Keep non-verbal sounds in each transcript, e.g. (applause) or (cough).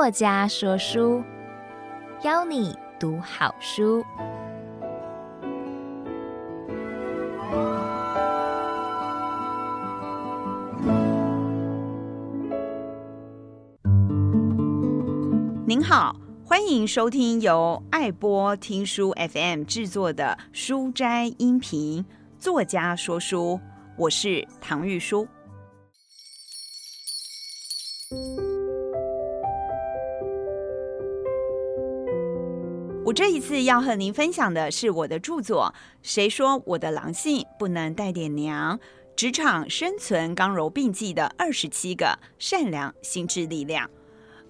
作家說書，邀你讀好書。您好，歡迎收聽由愛播聽書 FM 製作的書齋音頻，作家說書，我是唐玉書。這次要和您分享的是我的著作《誰說我的狼性不能帶點娘？職場生存剛柔並濟的二十七個善良心智力量》。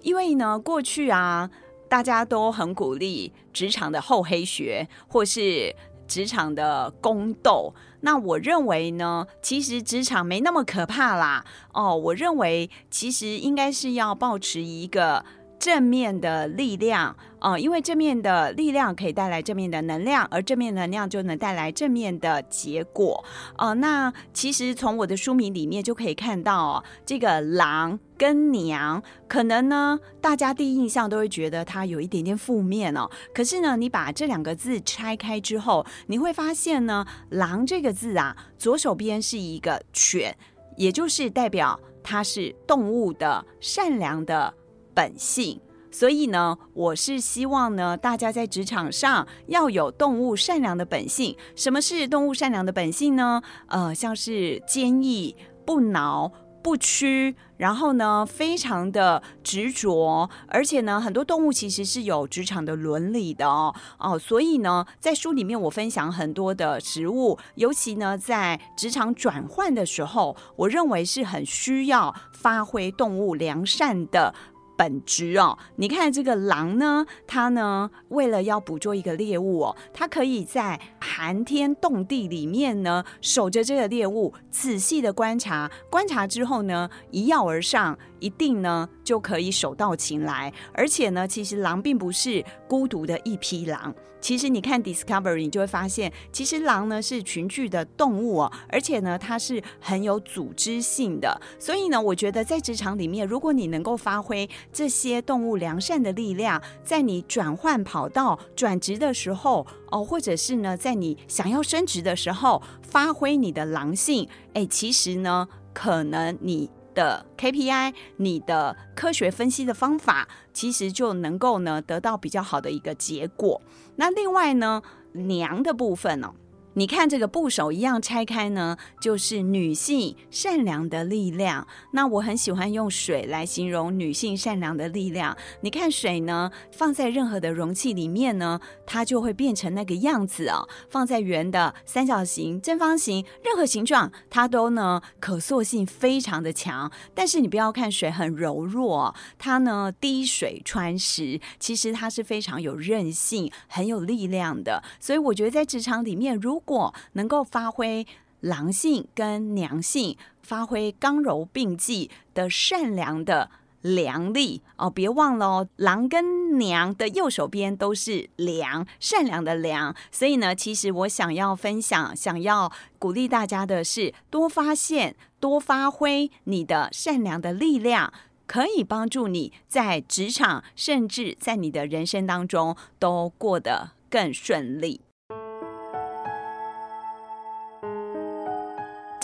因為呢，過去啊，大家都很鼓勵職場的厚黑學，或是職場的宮鬥。那我認為呢，其實職場沒那麼可怕啦。哦，我認為其實應該是要保持一個正面的力量。哦、呃，因為正面的力量可以帶來正面的能量，而正面的能量就能帶來正面的結果。呃，那其實從我的書名裡面就可以看到哦，這個“狼”跟“娘”，可能呢，大家第一印象都會覺得它有一點點負面哦。可是呢，你把這兩個字拆開之後，你會發現呢，“狼”這個字啊，左手邊是一個“犬”，也就是代表它是動物的善良的本性。所以呢，我是希望呢，大家在職場上要有動物善良的本性。什麼是動物善良的本性呢？呃，像是堅毅不撓、不屈，然後呢，非常的執着，而且呢，很多動物其實是有職場的倫理的哦。哦、呃，所以呢，在書裡面我分享很多的食物，尤其呢，在職場轉換的時候，我認為是很需要發揮動物良善的。本質哦，你看這個狼呢，它呢，為了要捕捉一個獵物，哦，它可以在寒天凍地裡面呢守着這個獵物，仔細的觀察，觀察之後呢，一躍而上，一定呢就可以手到擒來。而且呢，其實狼並不是孤獨的一匹狼。其實你看 Discovery，你就會發現，其實狼呢是群居的動物哦，而且呢它是很有組織性的。所以呢，我覺得在職場裡面，如果你能夠發揮這些動物良善的力量，在你轉換跑道轉職的時候，哦，或者是呢在你想要升職的時候，發揮你的狼性，哎，其實呢可能你。的 KPI，你的科學分析的方法，其實就能夠呢得到比較好的一個結果。那另外呢，娘的部分呢，哦？你看這個部首一樣拆開呢，就是女性善良的力量。那我很喜歡用水來形容女性善良的力量。你看水呢，放在任何的容器裡面呢，它就會變成那個樣子哦。放在圓的、三角形、正方形，任何形狀，它都呢可塑性非常的強。但是你不要看水很柔弱哦，它呢滴水穿石，其實它是非常有韌性、很有力量的。所以我覺得在職場裡面，如如能夠發揮狼性跟娘性，發揮剛柔並濟的善良的良力哦，別忘了哦，狼跟娘的右手邊都是良，善良的良。所以呢，其實我想要分享、想要鼓勵大家的是，多發現、多發揮你的善良的力量，可以幫助你在職場，甚至在你的人生當中都過得更順利。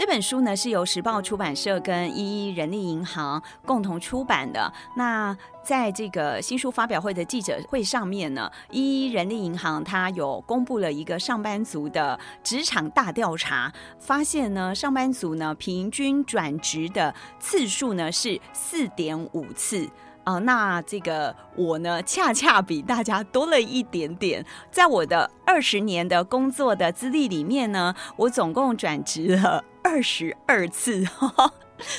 這本書呢，是由時報出版社跟一一人力銀行共同出版的。那在這個新書發表會的記者會上面呢，一一人力銀行它有公布了一個上班族的職場大調查，發現呢，上班族呢平均轉職的次數呢是四點五次啊，呃。那這個我呢，恰恰比大家多了一點點。在我的二十年的工作的資歷裡面呢，我總共轉職了。二十二次，呵呵，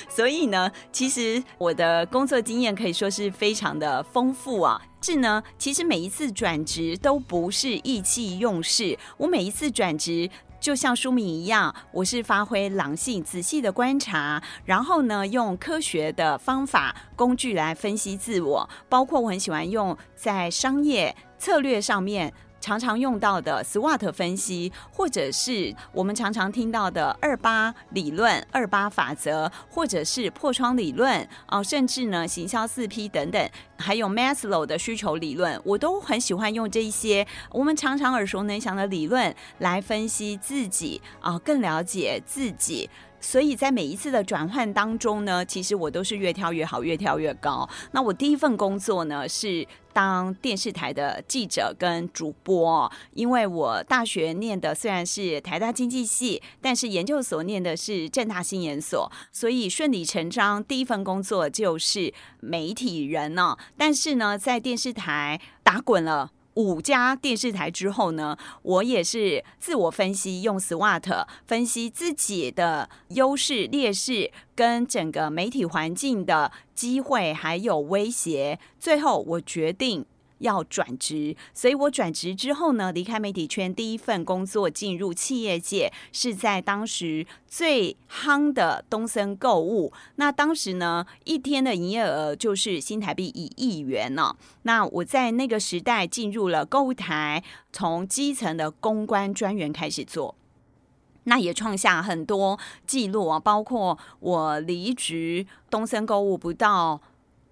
所以呢，其實我的工作經驗可以說是非常的豐富啊。是呢，其實每一次轉職都不是意氣用事，我每一次轉職就像書名一樣，我是發揮狼性，仔細的觀察，然後呢，用科學的方法、工具來分析自我，包括我很喜歡用在商業策略上面。常常用到的 SWOT 分析，或者是我們常常聽到的二八理論、二八法則，或者是破窗理論啊、呃，甚至呢，行銷四 P 等等，還有 Maslow 的需求理論，我都很喜歡用這一些我們常常耳熟能詳的理論來分析自己啊、呃，更了解自己。所以在每一次的轉換當中呢，其實我都是越跳越好，越跳越高。那我第一份工作呢是當電視台的記者跟主播、哦，因為我大學念的雖然是台大經濟系，但是研究所念的是政大新研所，所以順理成章，第一份工作就是媒體人呢、哦。但是呢，在電視台打滾了。五家電視台之後呢，我也是自我分析，用 SWOT 分析自己的優勢、劣勢，跟整個媒體環境的機會還有威脅。最後我決定。要轉職，所以我轉職之後呢，離開媒體圈，第一份工作進入企業界，是在當時最夯的東森購物。那當時呢，一天的營業額就是新台幣一億元呢啊。那我在那個時代進入了購物台，從基層的公關專員開始做，那也創下很多記錄啊，包括我離職東森購物不到。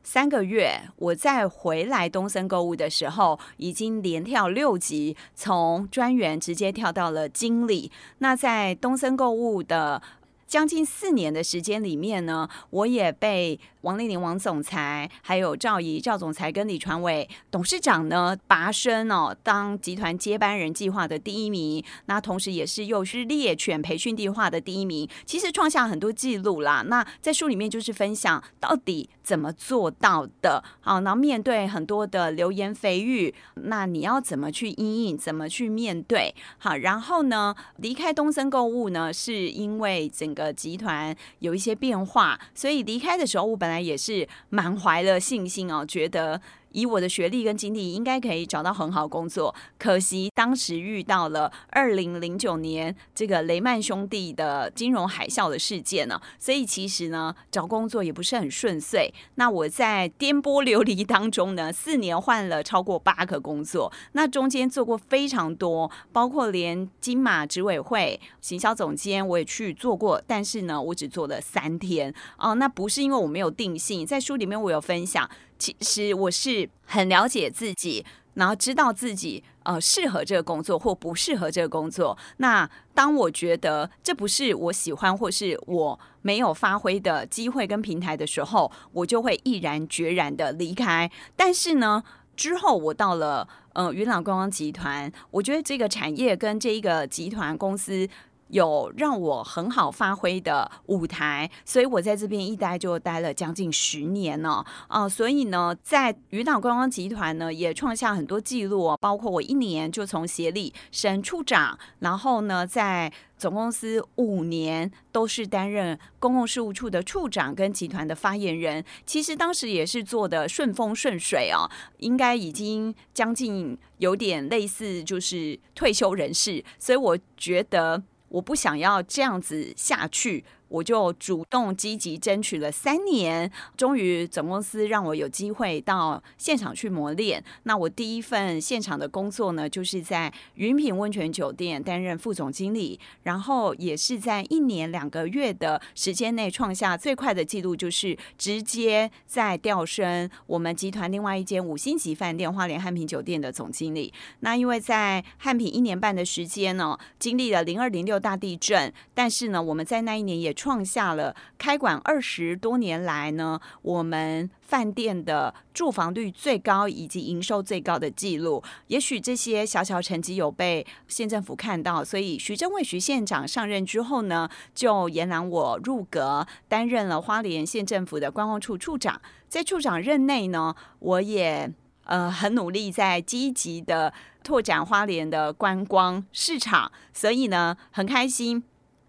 三個月，我再回來東森購物的時候，已經連跳六級，從專員直接跳到了經理。那在東森購物的。將近四年的時間裡面呢，我也被王令麟王總裁，還有趙怡趙總裁跟李傳偉董事長呢拔升哦，當集團接班人計劃的第一名，那同時也是又是獵犬培訓計劃的第一名，其實創下很多記錄啦。那在書裡面就是分享到底怎麼做到的，好，那面對很多的流言蜚語，那你要怎麼去因應，怎麼去面對？好，然後呢，離開東森購物呢，是因為整個集團有一些變化，所以離開的時候，我本來也是滿懷了信心哦，覺得。以我的學歷跟經歷，應該可以找到很好的工作。可惜當時遇到了二零零九年這個雷曼兄弟的金融海嘯的事件呢，所以其實呢，找工作也不是很順遂。那我在顛簸流離當中呢，四年換了超過八個工作。那中間做過非常多，包括連金馬執委會行銷總監我也去做過，但是呢，我只做了三天啊，呃。那不是因為我沒有定性，在書裡面我有分享。其實我是很了解自己，然後知道自己呃適合這個工作或不適合這個工作。那當我覺得這不是我喜歡或是我沒有發揮的機會跟平台的時候，我就會毅然決然的離開。但是呢，之後我到了呃雲朗觀光集團，我覺得這個產業跟這一個集團公司，有讓我很好發揮的舞台，所以我在這邊一待就待了將近十年了、喔、啊、呃！所以呢，在雲朗觀光集團呢，也創下很多紀錄、喔，包括我一年就從協理升處長，然後呢，在總公司五年都是擔任公共事務處的處長跟集團的發言人。其實當時也是做的順風順水哦、喔，應該已經將近有點類似就是退休人士，所以我覺得。我不想要這樣子下去。我就主動積極爭取了三年，終於總公司讓我有機會到現場去磨練。那我第一份現場的工作呢，就是在雲品溫泉酒店擔任副總經理，然後也是在一年兩個月的時間內創下最快的記錄，就是直接在調升我們集團另外一間五星級飯店——花蓮翰品酒店的總經理。那因為在翰品一年半的時間呢，經歷了零二零六大地震，但是呢，我們在那一年也創下了開館二十多年來呢，我們飯店的住房率最高以及營收最高的記錄。也許這些小小成績有被縣政府看到，所以徐正偉徐縣長上任之後呢，就延攬我入閣，擔任了花蓮縣政府的觀光處處長。在處長任內呢，我也呃很努力，在積極的拓展花蓮的觀光市場，所以呢很開心。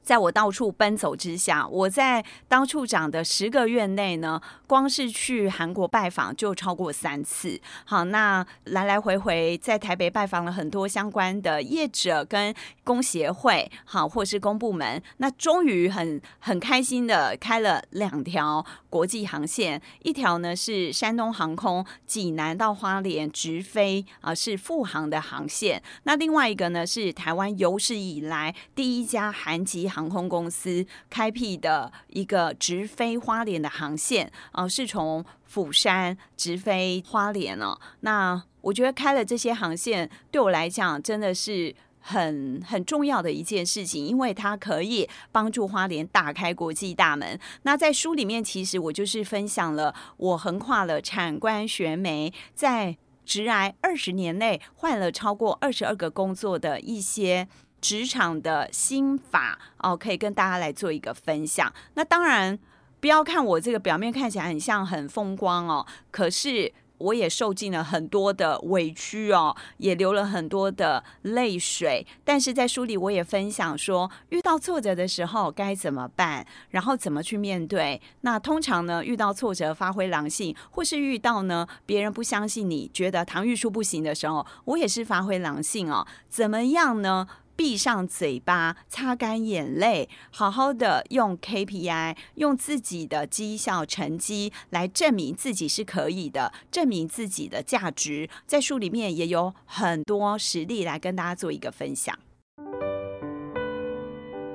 在我到處奔走之下，我在當處長的十個月內呢，光是去韓國拜訪就超過三次。好，那來來回回在台北拜訪了很多相關的業者跟公協會，好，或是公部門。那終於很很開心的開了兩條國際航線，一條呢是山東航空濟南到花蓮直飛啊，是復航的航線。那另外一個呢是台灣有史以來第一家韓籍。航空公司開闢的一個直飛花蓮的航線啊、呃，是從釜山直飛花蓮哦，那我覺得開了這些航線，對我來講真的是很很重要的一件事情，因為它可以幫助花蓮打開國際大門。那在書裡面，其實我就是分享了我橫跨了產官學媒，在職涯二十年內換了超過二十二個工作的一些。職場的心法哦，可以跟大家來做一個分享。那當然，不要看我這個表面看起來很像很風光哦，可是我也受盡了很多的委屈哦，也流了很多的淚水。但是在書裡我也分享說，遇到挫折的時候該怎麼辦，然後怎麼去面對。那通常呢，遇到挫折發揮狼性，或是遇到呢別人不相信你覺得唐玉書不行的時候，我也是發揮狼性哦，怎麼樣呢？閉上嘴巴，擦乾眼淚，好好的用 KPI，用自己的績效成績來證明自己是可以的，證明自己的價值。在書裡面也有很多實例來跟大家做一個分享。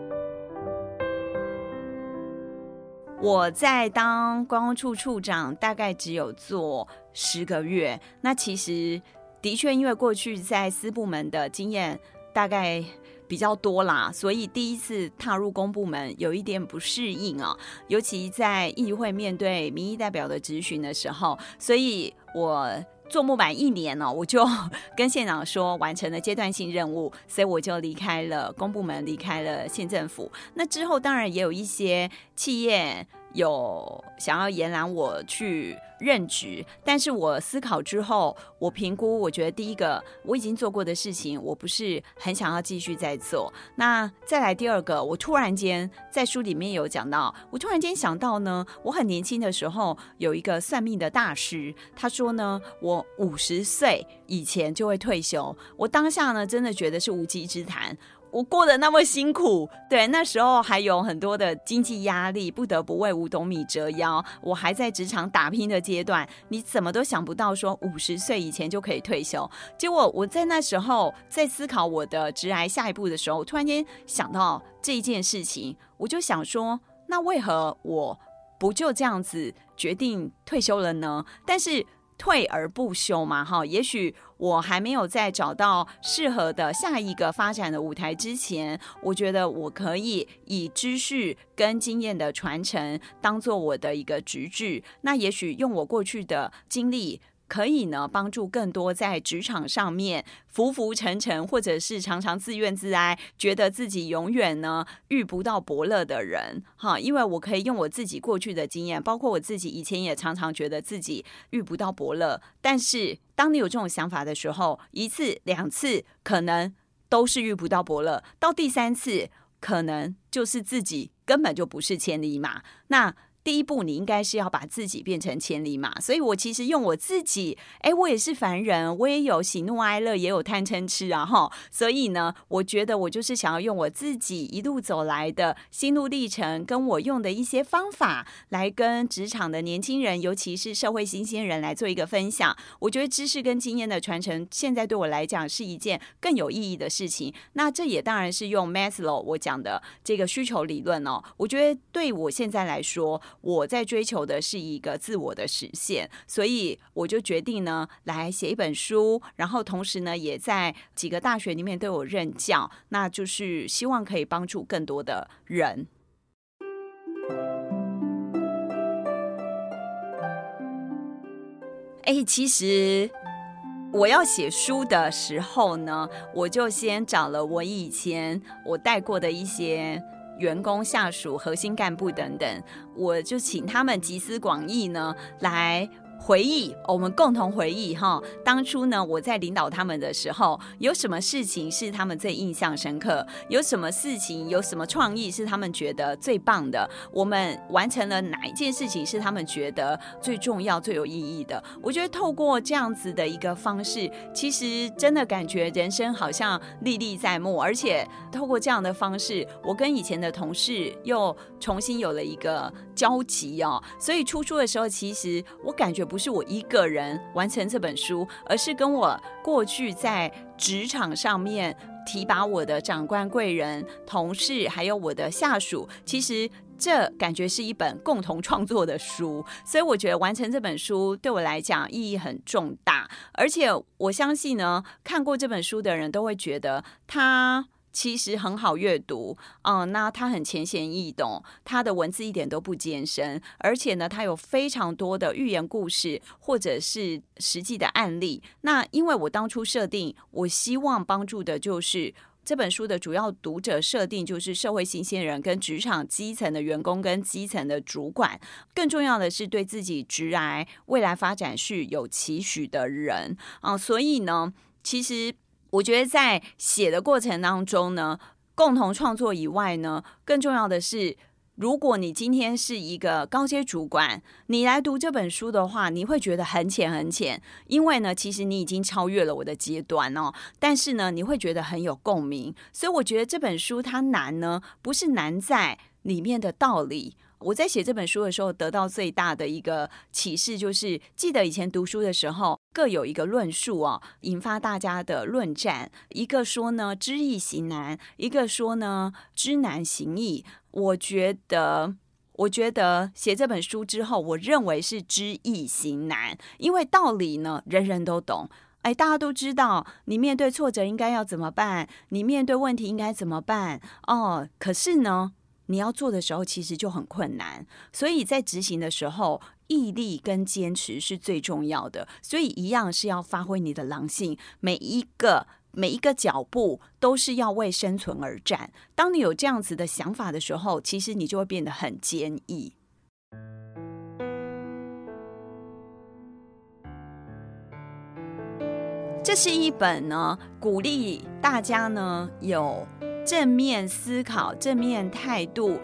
(music) 我在當觀光處處長，大概只有做十個月。那其實的確，因為過去在私部門的經驗。大概比較多啦，所以第一次踏入公部門，有一點不適應啊、喔，尤其在議會面對民意代表的質詢的時候，所以我做不滿一年啊、喔。我就跟縣長說，完成了階段性任務，所以我就離開了公部門，離開了縣政府。那之後當然也有一些企業有想要延攬我去任職，但是我思考之後，我評估，我覺得第一個我已經做過的事情，我不是很想要繼續再做。那再來第二個，我突然間在書裡面有講到，我突然間想到呢，我很年輕的時候有一個算命的大師，他說呢，我五十歲以前就會退休。我當下呢，真的覺得是無稽之談。我過得那麼辛苦，對，那時候還有很多的經濟壓力，不得不為五斗米折腰。我還在職場打拼的階段，你怎麼都想不到說五十歲以前就可以退休。結果我在那時候在思考我的職涯下一步的時候，突然間想到這一件事情，我就想說，那為何我不就這樣子決定退休了呢？但是。退而不休嘛，哈，也許我還沒有在找到適合的下一個發展的舞台之前，我覺得我可以以知識跟經驗的傳承當做我的一個職責。那也許用我過去的經歷。可以呢，幫助更多在職場上面浮浮沉沉，或者是常常自怨自哀，覺得自己永遠呢遇不到伯樂的人哈。因為我可以用我自己過去的經驗，包括我自己以前也常常覺得自己遇不到伯樂。但是當你有這種想法的時候，一次兩次可能都是遇不到伯樂，到第三次可能就是自己根本就不是千里馬。那第一步，你應該是要把自己變成千里馬，所以我其實用我自己，哎，我也是凡人，我也有喜怒哀樂，也有貪嗔痴啊吼。所以呢，我覺得我就是想要用我自己一路走來的心路歷程，跟我用的一些方法，來跟職場的年輕人，尤其是社會新鮮人，來做一個分享。我覺得知識跟經驗的傳承，現在對我來講是一件更有意義的事情。那這也當然是用 Maslow 我講的這個需求理論哦，我覺得對我現在來說。我在追求的是一個自我的實現，所以我就決定呢，來寫一本書，然後同時呢，也在幾個大學裡面都有任教，那就是希望可以幫助更多的人。哎，其實我要寫書的時候呢，我就先找了我以前我帶過的一些。員工、下屬、核心幹部等等，我就請他們集思廣益呢，來。回憶，我們共同回憶哈，當初呢，我在領導他們的時候，有什麼事情是他們最印象深刻？有什麼事情，有什麼創意是他們覺得最棒的？我們完成了哪一件事情是他們覺得最重要、最有意義的？我覺得透過這樣子的一個方式，其實真的感覺人生好像歷歷在目，而且透過這樣的方式，我跟以前的同事又重新有了一個交集哦。所以出書的時候，其實我感覺。不是我一個人完成這本書，而是跟我過去在職場上面提拔我的長官、貴人、同事，還有我的下屬，其實這感覺是一本共同創作的書。所以我覺得完成這本書對我來講意義很重大，而且我相信呢，看過這本書的人都會覺得他。其實很好閱讀啊、嗯，那他很淺顯易懂，他的文字一點都不艱深，而且呢，他有非常多的寓言故事或者是實際的案例。那因為我當初設定，我希望幫助的，就是這本書的主要讀者設定，就是社會新鮮人跟職場基層的員工跟基層的主管，更重要的是對自己直來未來發展是有期許的人啊、嗯。所以呢，其實。我覺得在寫的過程當中呢，共同創作以外呢，更重要的是，如果你今天是一個高階主管，你來讀這本書的話，你會覺得很淺很淺，因為呢，其實你已經超越了我的階段哦。但是呢，你會覺得很有共鳴，所以我覺得這本書它難呢，不是難在裡面的道理。我在寫這本書的時候，得到最大的一個啟示就是，記得以前讀書的時候，各有一個論述啊、哦，引發大家的論戰。一個說呢，知易行難；一個說呢，知難行易。我覺得，我覺得寫這本書之後，我認為是知易行難，因為道理呢，人人都懂。哎，大家都知道，你面對挫折應該要怎麼辦？你面對問題應該怎麼辦？哦，可是呢，你要做的時候，其實就很困難，所以在執行的時候，毅力跟堅持是最重要的。所以一樣是要發揮你的狼性，每一個每一個腳步都是要為生存而戰。當你有這樣子的想法的時候，其實你就會變得很堅毅。這是一本呢，鼓勵大家呢有。正面思考、正面態度，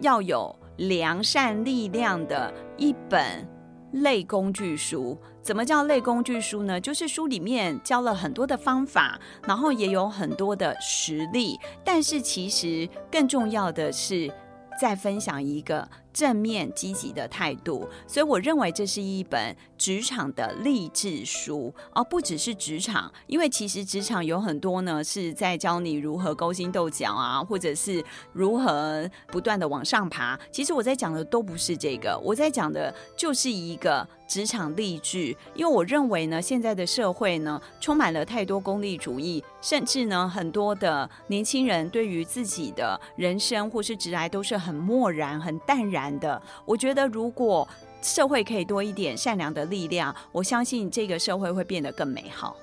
要有良善力量的一本類工具書。怎麼叫類工具書呢？就是書裡面教了很多的方法，然後也有很多的實例。但是其實更重要的是，再分享一個。正面積極的態度，所以我認為這是一本職場的勵志書而、啊、不只是職場，因為其實職場有很多呢，是在教你如何勾心鬥角啊，或者是如何不斷的往上爬。其實我在講的都不是這個，我在講的就是一個職場勵志，因為我認為呢，現在的社會呢，充滿了太多功利主義，甚至呢，很多的年輕人對於自己的人生或是直來都是很漠然、很淡然。難的，我覺得如果社會可以多一點善良的力量，我相信這個社會會變得更美好。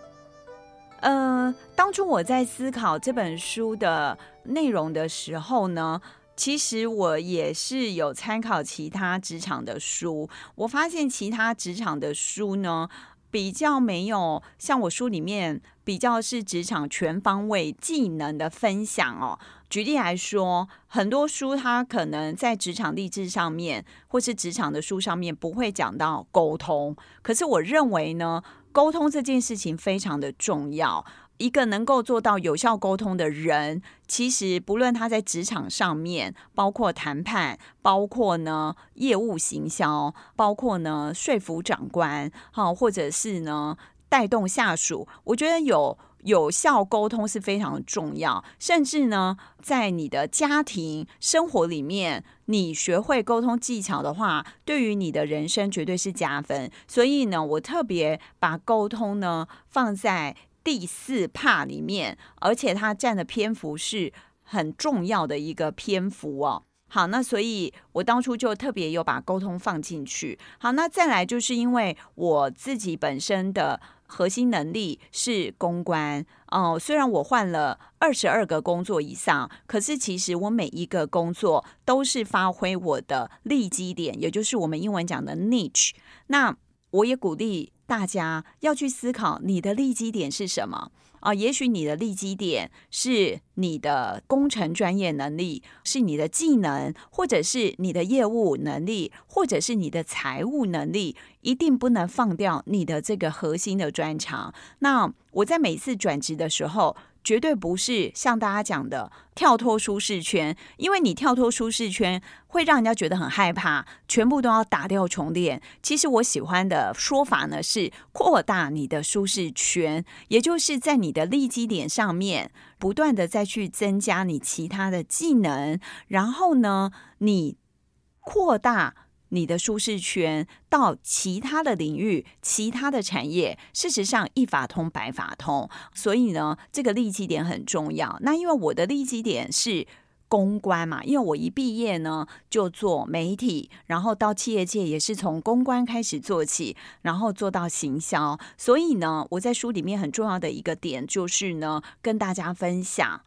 嗯、呃，當初我在思考這本書的內容的時候呢，其實我也是有參考其他職場的書，我發現其他職場的書呢，比較沒有像我書裡面比較是職場全方位技能的分享哦。舉例來說，很多書它可能在職場勵志上面，或是職場的書上面不會講到溝通，可是我認為呢，溝通這件事情非常的重要。一個能夠做到有效溝通的人，其實不論他在職場上面，包括談判，包括呢業務行銷，包括呢說服長官，或者是呢帶動下屬，我覺得有。有效溝通是非常重要，甚至呢，在你的家庭生活裡面，你學會溝通技巧的話，對於你的人生絕對是加分。所以呢，我特別把溝通呢放在第四趴裡面，而且它佔的篇幅是很重要的一個篇幅哦。好，那所以，我當初就特別有把溝通放進去。好，那再來就是因為我自己本身的。核心能力是公關，哦、uh，雖然我換了二十二個工作以上，可是其實我每一個工作都是發揮我的利基點，也就是我們英文講的 niche。那我也鼓勵大家要去思考你的利基點是什麼？啊，也許你的利基點是你的工程專業能力，是你的技能，或者是你的業務能力，或者是你的財務能力，一定不能放掉你的這個核心的專長。那我在每次轉職的時候，絕對不是像大家講的跳脫舒適圈，因為你跳脫舒適圈會讓人家覺得很害怕，全部都要打掉重練。其實我喜歡的說法呢是擴大你的舒適圈，也就是在你的利基點上面不斷的再去增加你其他的技能，然後呢，你擴大。你的舒適圈到其他的領域、其他的產業，事實上一法通百法通，所以呢，這個利基點很重要。那因為我的利基點是公關嘛，因為我一畢業呢就做媒體，然後到企業界也是從公關開始做起，然後做到行銷，所以呢，我在書裡面很重要的一個點就是呢，跟大家分享。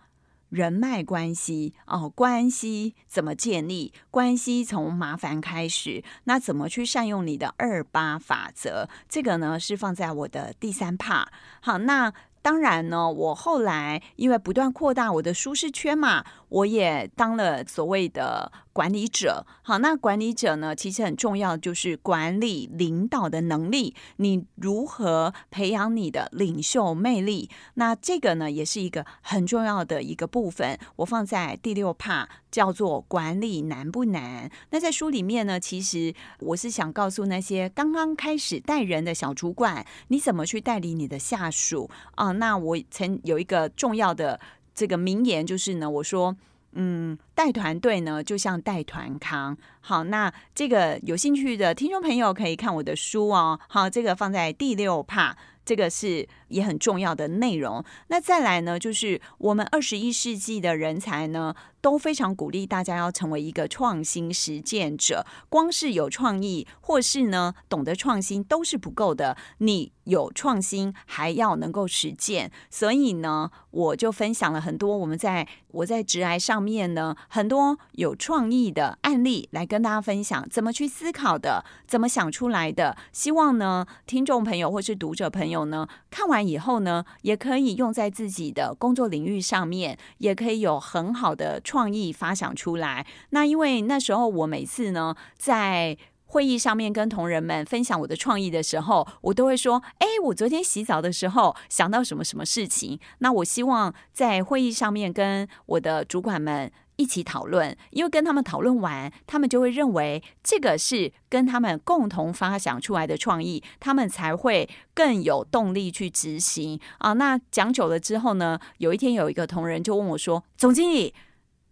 人脈關係哦，關係怎麼建立？關係從麻煩開始，那怎麼去善用你的二八法則？這個呢是放在我的第三 part。好，那當然呢，我後來因為不斷擴大我的舒適圈嘛。我也當了所謂的管理者，好，那管理者呢，其實很重要就是管理領導的能力，你如何培養你的領袖魅力？那這個呢，也是一個很重要的一個部分，我放在第六趴叫做管理難不難？那在書裡面呢，其實我是想告訴那些剛剛開始帶人的小主管，你怎麼去帶領你的下屬啊？那我曾有一個重要的。這個名言就是呢，我說，嗯，帶團隊呢就像帶團康。好，那這個有興趣的聽眾朋友可以看我的書哦。好，這個放在第六趴，這個是。也很重要的內容。那再來呢，就是我們二十一世紀的人才呢，都非常鼓勵大家要成為一個創新實踐者。光是有創意，或是呢懂得創新都是不夠的。你有創新，還要能夠實踐。所以呢，我就分享了很多我們在我在職涯上面呢很多有創意的案例，來跟大家分享怎麼去思考的，怎麼想出來的。希望呢，聽眾朋友或是讀者朋友呢，看完。以後呢，也可以用在自己的工作領域上面，也可以有很好的創意發想出來。那因為那時候我每次呢，在會議上面跟同仁們分享我的創意的時候，我都會說：“哎，我昨天洗澡的時候想到什麼什麼事情。”那我希望在會議上面跟我的主管們一起討論，因為跟他們討論完，他們就會認為這個是跟他們共同發想出來的創意，他們才會更有動力去執行。啊，那講久了之後呢，有一天有一個同仁就問我說：“總經理，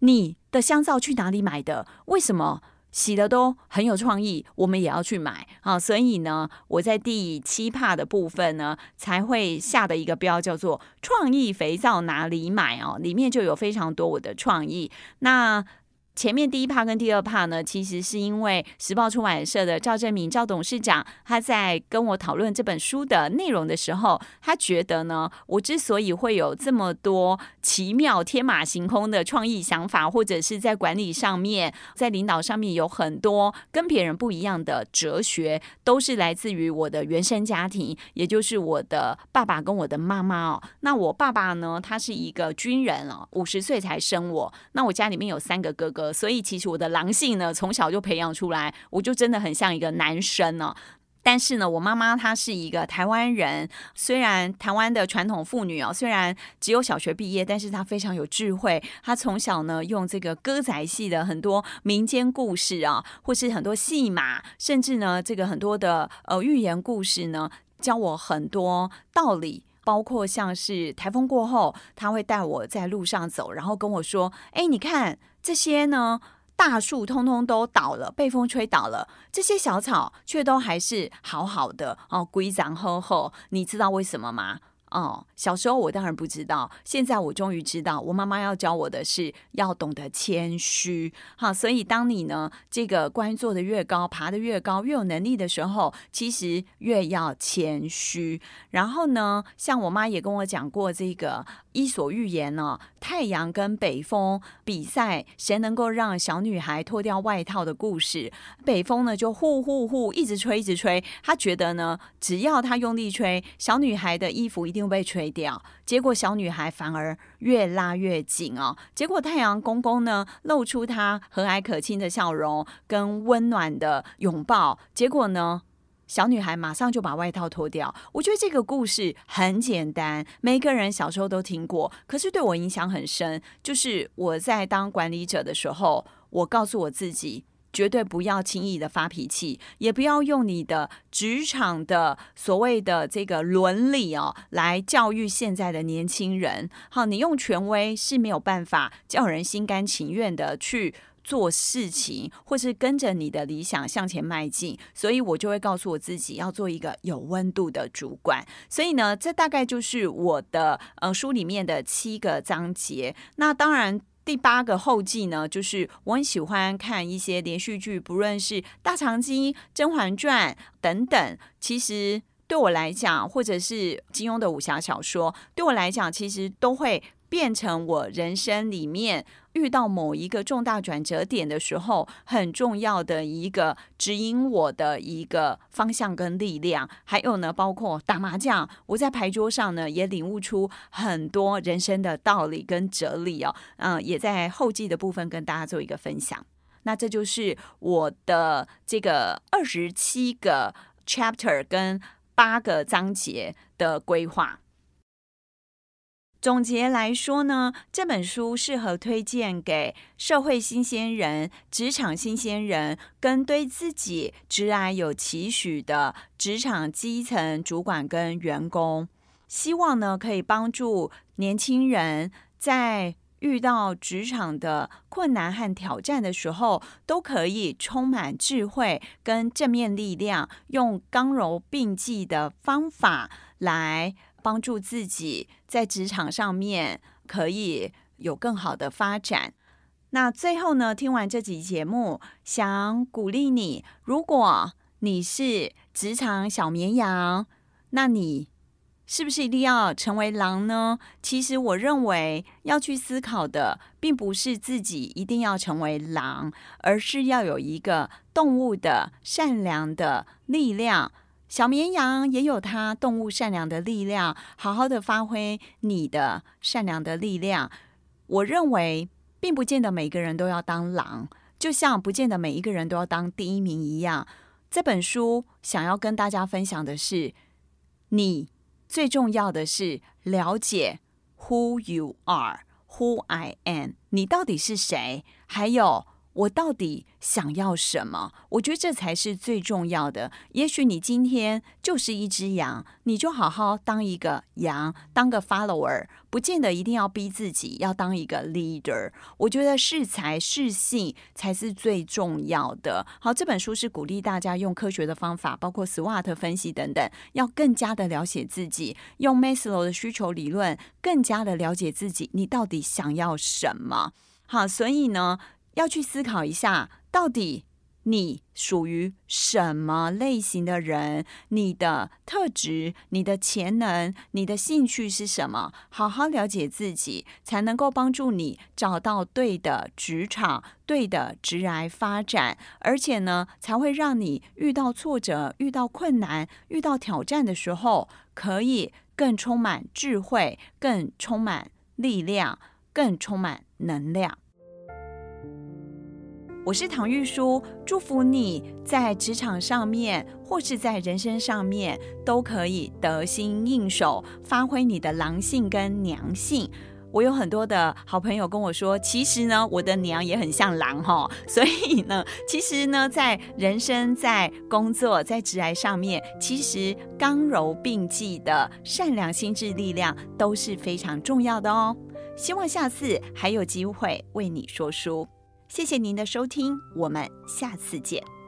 你的香皂去哪裡買的？為什麼？”洗的都很有創意，我們也要去買啊！所以呢，我在第七趴的部分呢，才會下的一個標叫做“創意肥皂哪裡買”哦、啊，裡面就有非常多我的創意。那前面第一趴跟第二趴呢，其實是因為時報出版社的趙振明趙董事長他在跟我討論這本書的內容的時候，他覺得呢，我之所以會有這麼多奇妙天馬行空的創意想法，或者是在管理上面、在領導上面有很多跟別人不一樣的哲學，都是來自於我的原生家庭，也就是我的爸爸跟我的媽媽哦。那我爸爸呢，他是一個軍人哦，五十歲才生我。那我家裡面有三個哥哥。所以，其實我的狼性呢，從小就培養出來，我就真的很像一個男生呢、啊。但是呢，我媽媽她是一個台灣人，雖然台灣的傳統婦女哦、啊，雖然只有小學畢業，但是她非常有智慧。她從小呢，用這個歌仔戲的很多民間故事啊，或是很多戲碼，甚至呢，這個很多的呃寓言故事呢，教我很多道理。包括像是颱風過後，她會帶我在路上走，然後跟我說：“哎，你看。”這些呢，大樹通通都倒了，被風吹倒了；這些小草卻都還是好好的哦，規整呵呵。你知道為什麼嗎？哦，小時候我當然不知道，現在我終於知道。我媽媽要教我的是，要懂得謙虛。好、哦，所以當你呢，這個官做的越高，爬得越高，越有能力的時候，其實越要謙虛。然後呢，像我媽也跟我講過這個。《伊索寓言》啊呢，太陽跟北風比賽，誰能夠讓小女孩脫掉外套的故事。北風呢，就呼呼呼一直，一直吹，一直吹。他覺得呢，只要他用力吹，小女孩的衣服一定會被吹掉。結果小女孩反而越拉越緊哦啊。結果太陽公公呢，露出他和藹可親的笑容跟溫暖的擁抱。結果呢？小女孩馬上就把外套脫掉。我覺得這個故事很簡單，每個人小時候都聽過，可是對我影響很深。就是我在當管理者的時候，我告訴我自己，絕對不要輕易的發脾氣，也不要用你的職場的所謂的這個倫理哦來教育現在的年輕人。好，你用權威是沒有辦法叫人心甘情願的去。做事情，或是跟着你的理想向前邁進，所以我就會告訴我自己要做一個有溫度的主管。所以呢，這大概就是我的呃書裡面的七個章節。那當然，第八個後記呢，就是我很喜歡看一些連續劇，不論是《大長今》、《甄嬛傳》等等。其實對我來講，或者是金庸的武俠小說，對我來講，其實都會。變成我人生裡面遇到某一個重大轉折點的時候，很重要的一個指引我的一個方向跟力量。還有呢，包括打麻將，我在牌桌上呢也領悟出很多人生的道理跟哲理哦。嗯，也在後記的部分跟大家做一個分享。那這就是我的這個二十七個 chapter 跟八個章節的規劃。總結來說呢，這本書適合推薦給社會新鮮人、職場新鮮人，跟對自己職涯有期許的職場基層主管跟員工。希望呢，可以幫助年輕人在遇到職場的困難和挑戰的時候，都可以充滿智慧跟正面力量，用剛柔並濟的方法來幫助自己。在職場上面可以有更好的發展。那最後呢，聽完這集節目，想鼓勵你，如果你是職場小綿羊，那你是不是一定要成為狼呢？其實我認為要去思考的，並不是自己一定要成為狼，而是要有一個動物的善良的力量。小綿羊也有它動物善良的力量，好好的發揮你的善良的力量。我認為，並不見得每一個人都要當狼，就像不見得每一個人都要當第一名一樣。這本書想要跟大家分享的是你，你最重要的是了解 who you are, who I am，你到底是誰？還有。我到底想要什麼？我覺得這才是最重要的。也許你今天就是一隻羊，你就好好當一個羊，當個 follower，不見得一定要逼自己要當一個 leader。我覺得適才適性才是最重要的。好，這本書是鼓勵大家用科學的方法，包括 SWOT 分析等等，要更加的了解自己，用 Maslow 的需求理論更加的了解自己，你到底想要什麼？好，所以呢。要去思考一下，到底你屬於什麼類型的人？你的特質、你的潛能、你的興趣是什麼？好好了解自己，才能夠幫助你找到對的職場、對的職涯發展，而且呢，才會讓你遇到挫折、遇到困難、遇到挑戰的時候，可以更充滿智慧、更充滿力量、更充滿能量。我是唐玉書，祝福你在職場上面或是在人生上面都可以得心應手，發揮你的狼性跟娘性。我有很多的好朋友跟我說，其實呢，我的娘也很像狼哈、哦，所以呢，其實呢，在人生、在工作、在職涯上面，其實剛柔並濟的善良心智力量都是非常重要的哦。希望下次還有機會為你說書。謝謝您的收聽，我們下次見。